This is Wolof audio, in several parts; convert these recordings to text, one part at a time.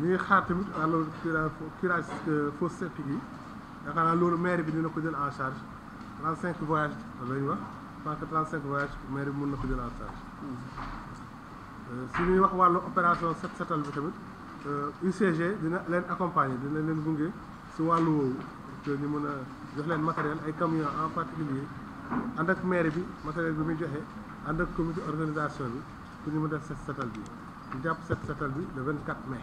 ñu ngi xaar tamit wàllu curage curage fosse septique yi yaakaar naa loolu maire bi dina ko jël en charge 35 voyages la ñu wax parce que 35 voyages maire bi mën na ko jël en charge su ñuy wax wàllu opération set setal bi tamit UCG dina leen accompagner dina leen gunge si wàllu woowu que ñu mën a jox leen matériel ay camions en particulier ànd ak maire bi matériel bi muy joxe ànd ak comité organisation bi pour ñu mën a def set setal bi ñu jàpp set setal bi le 24 mai.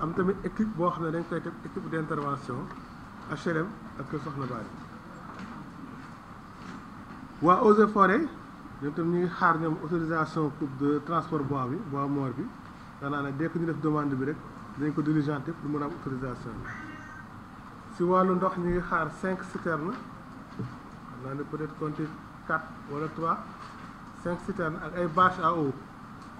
am tamit équipe boo xam ne dañ koy teg équipe d' intervention HLM ak Kër Soxna Baali waa Eaux et Forêts ñoom tam ñu ngi xaar ñoom autorisation pour de transport bois bi bois mort bi naa ne dès ñu def demande bi rek dañ ko diligenté pour mën a am autorisation bi si wàllu ndox ñu ngi xaar cinq citernes xam naa ne peut être compter quatre wala trois cinq citernes ak ay bache à eau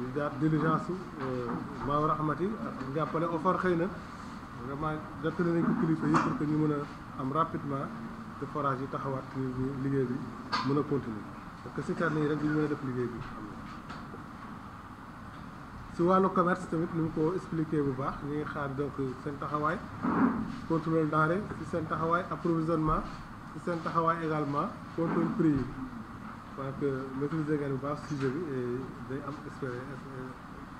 ñu jaar diligence maaw raxmat yi euh, ak njàppale offar xëy na vraiment jottali nañ ko kilifa yi pour que ñu mën a am rapidement te yi taxawaat ci liggéey bi mën a continuer parce que si carnet yi rek duñu mën a def liggéey bi wàllu commerce tamit ni mu ko expliqué bu baax ñu ngi xaar donc seen taxawaay contrôle denrée si seen taxawaay approvisionnement si seen taxawaay également contrôle prix yi crois que maîtriser ngeen bu baax sujet bi day am espérer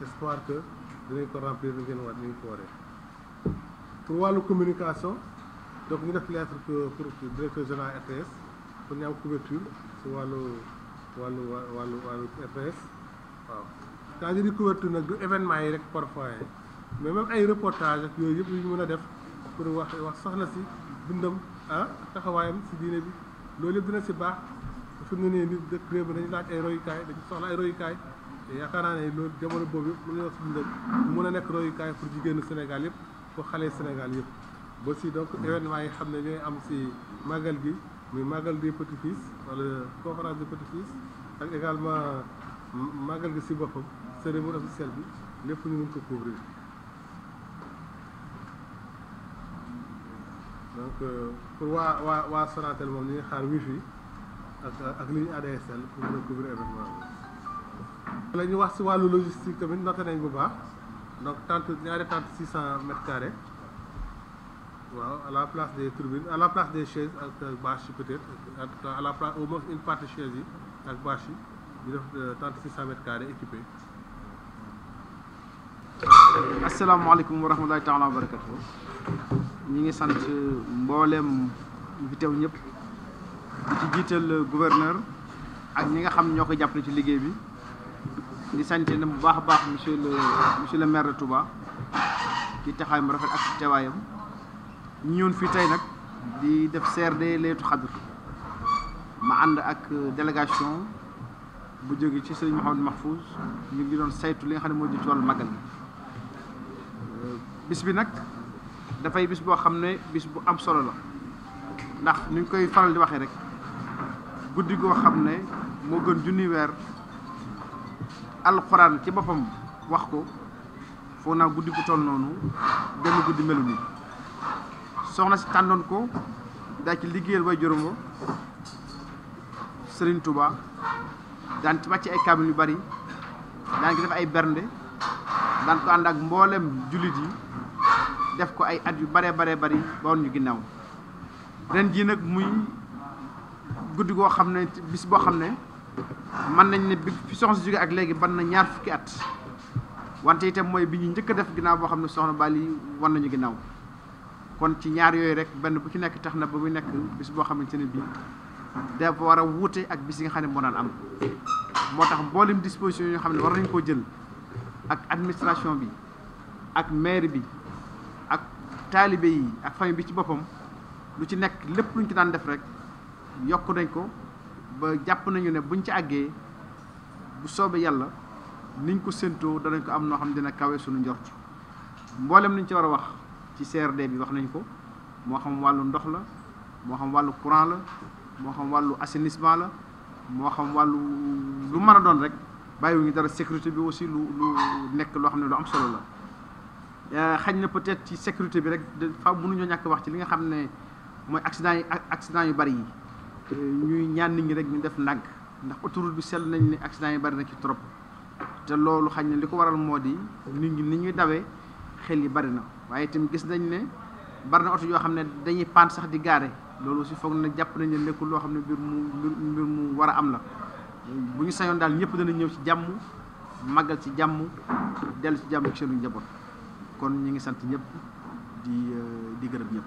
espoir que dinañ ko remplir lu ngeen war ni ko waree pour wàllu communication donc ñu def lettre pour directeur général RTS pour ñu am couverture si wàllu wàllu wàllu wàllu RTS waaw quand je dis couverture nag du événement yi rek parfois mais même ay reportage ak yooyu yëpp yu ñu mën a def pour wax wax soxna si dundam ah taxawaayam si diine bi loolu yëpp dina si baax fi mu ne nii nit dëkk réew mi dañu laaj ay royukaay dañu soxla ay royukaay te yaakaar naa ne loolu jamono boobu yëpp mën na suñu dem mën a nekk royukaay pour jigéenu Sénégal yëpp pour xale Sénégal yëpp ba si donc événement yi xam ne ñooy am si màggal gi muy màggal des petits wala conférence des petits ak également màggal gi si boppam cérémonie officielle bi lépp ñu mun ko couvrir donc euh, pour waa waa waa Sonatel moom ñu ngi xaar wifi ADSL pour découvrir l'événement. Nous avons fait la logistique de notre Nengouba. Donc, nous avons 600 mètres carrés. Wow, à la place des turbines, à la place des chaises avec euh, Bashi peut-être, à la place, au moins une partie chaise avec Bashi, il y a 3600 m2 équipés. Assalamu alaikum wa rahmatullahi wa barakatuh. Nous sommes en train de nous jiital euh, gouverneur ak ñi nga xam ñoo ko jàppale ci liggéey bi di sant na bu baax a baax monsieur le monsieur le maire de Touba ci mu rafet ak ci teewaayam ñun fii tey nag di def CRD Laylatul Qadr ma ànd ak euh, délégation bu jóge ci sëñ Mouhamadou Mahfouz ñu ngi doon saytu li nga xam ne moo jëm ci wàllu euh, bis bi nag dafay bis boo xam ne bis bu am solo la ndax nuñ koy faral di waxee rek. guddi goo xam ne moo gën junni weer alquran ci boppam wax ko foog naa guddi gu toll noonu genn guddi melu ni soxna si tàndoon ko daa ci liggéeyal way juróom ba Serigne Touba daan ci wàcc ay kaamil yu bari daan ci def ay bernde daan ko ànd ak mboolem yi def ko ay at yu bare bare bari ba woon ñu ginnaaw ren jii nag muy guddi koo xam ne bis boo xam ne mën nañ ne bi fi soxna si jóge ak léegi ban na ñaar fukki at wante itam mooy bi ñu njëkk a def ginnaaw boo xam ne soxna baa Bali wan nañu ginnaaw kon ci ñaar yooyu rek benn bu ci nekk tax na ba mu nekk bis boo xamante ne bii dafa war a wuute ak bis yi nga xam ne moo daan am moo tax mboolem disposition yoo xam ne war nañ koo jël ak administration bi ak maire bi ak taalibe yi ak famille bi ci boppam lu ci nekk lépp luñ ci daan def rek yokk nañ ko ba jàpp nañu ne buñ ci àggee bu soobee yàlla niñ ko séentoo danañ ko am noo xam dina kawe suñu njort mboolem liñ ci war a wax ci CRD bi wax nañu ko moo xam wàllu ndox la moo xam wàllu courant la moo xam wàllu assainissement la moo xam wàllu lu mën a doon rek bàyyiwuñu dara sécurité bi aussi lu lu nekk loo xam ne lu am solo la. Euh, xaj na peut-être ci sécurité bi rek de fa mënuñoo ñàkk wax ci li nga xam ne mooy accident yi accident yu bari yi ñuy ñaan nit ñi rek ñu def nag ndax autoroute bi seetlu nañ ne accident yi bari na ci trop te loolu xañ na li ko waral moo di nit ñi ni ñuy dawee xel yi bari na waaye itam gis nañ ne bari na oto yoo xam ne dañuy paan sax di gaare loolu aussi foog na jàpp nañ ne nekkul loo xam ne mbir mu mbir mu war a am la bu ñu sañoon daal ñëpp dana ñëw ci jàmm màggal ci jàmm dellu ci jàmm ak seenu njaboot kon ñu ngi sant ñëpp di euh, di gërëm ñëpp.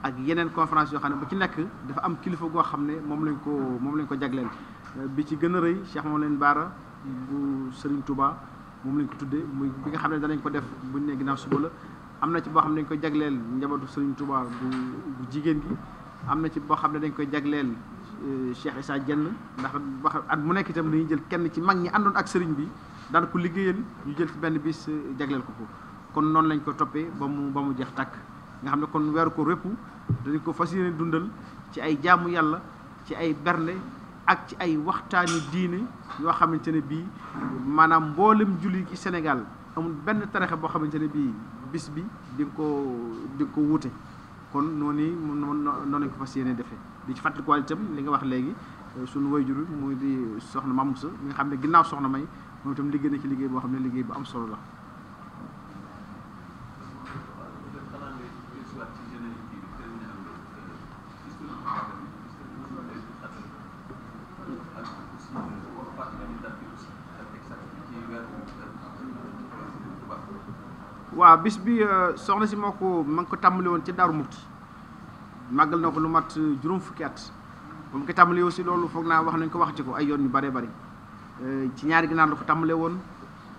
ak yeneen conférence yoo xam ne bu ci nekk dafa am kilifa goo xam ne moom lañ ko moom lañ ko jagleel bi ci gën a rëy Cheikh moom leen baara bu Serigne Touba moom lañ ko tuddee muy bi nga xam ne danañ ko def buñ ne ginnaaw suba la am na ci boo xam ne dañ ko jagleel njabootu Serigne Touba bu bu jigéen gi am na ci boo xam ne dañ koy jagleel euh, Cheikh Issa Dieng ndax at mu nekk itam dañuy jël kenn ci mag ñi àndoon ak Serigne bi daan ko liggéeyal ñu jël ci benn bis jagleel ko ko kon noonu lañ ko toppee ba mu ba mu jeex tàkk nga xam ne kon weeru ko répp dañu ko fas yéene dundal ci ay jaamu yàlla ci ay bernde ak ci ay waxtaani diine yoo xamante ne bii maanaam mboolem julli ci Sénégal amul benn tarixa boo xamante ne bii bis bi di nga ko di nga ko wuute kon noonu noonu lañ ko fas yéene defee di ci fàttalikuwaay itam li nga wax léegi suñu wayjur bi muy di soxna Mamoussa mi nga xam ne ginnaaw soxna May moom itam liggéey na ci liggéey boo xam ne liggéey bu am solo la wa bis bi euh, soxna ci moko ko ko tàmbali won ci daru Muxti magal na ko lu mat euh, jurum fukki at bu mu ko tàmbalee aussi lolou fokh na wax nañ ko wax ci ko ay yoon yu bare bare euh, ci ñaari gi nan ko tàmbalee won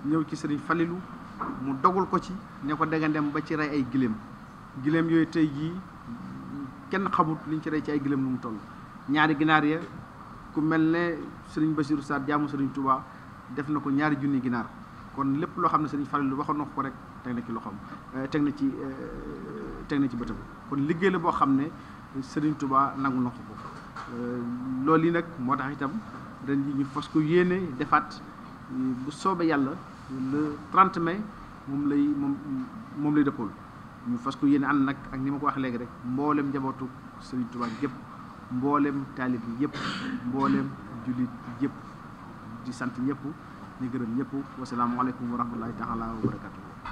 ñew ci serigne Falilu mu dogul ko ci ne ko dega dem ba ci ray ay gilem gilem yoy tay gi kenn xamut liñ ci ray ci ay gilem lu mu toll ñaari ginar ya ku melne serigne sëriñ sar jamu serigne Touba def nako ñaari junni ginar kon lepp lo xamne serigne Falilu waxoon ko rek teg na ci loxoom euh, teg na ci euh, teg na ci bëtam kon liggéey la boo xam ne Serigne tubaa nangu na ko ko euh, loolu yi nag moo tax itam ren yi ñu fas ko yéene defaat bu soobee yàlla le 30 mai moom lay moom moom lay dëppool ñu fas ko yéene ànd nag ak ni ma ko wax léegi rek mbooleem njabootu Serigne Touba yëpp mboolem taalib yi yëpp mboolem jullit yëpp di sant ñëpp di gërëm ñëpp wasalaamualeykum wa rahmatullahi taala wa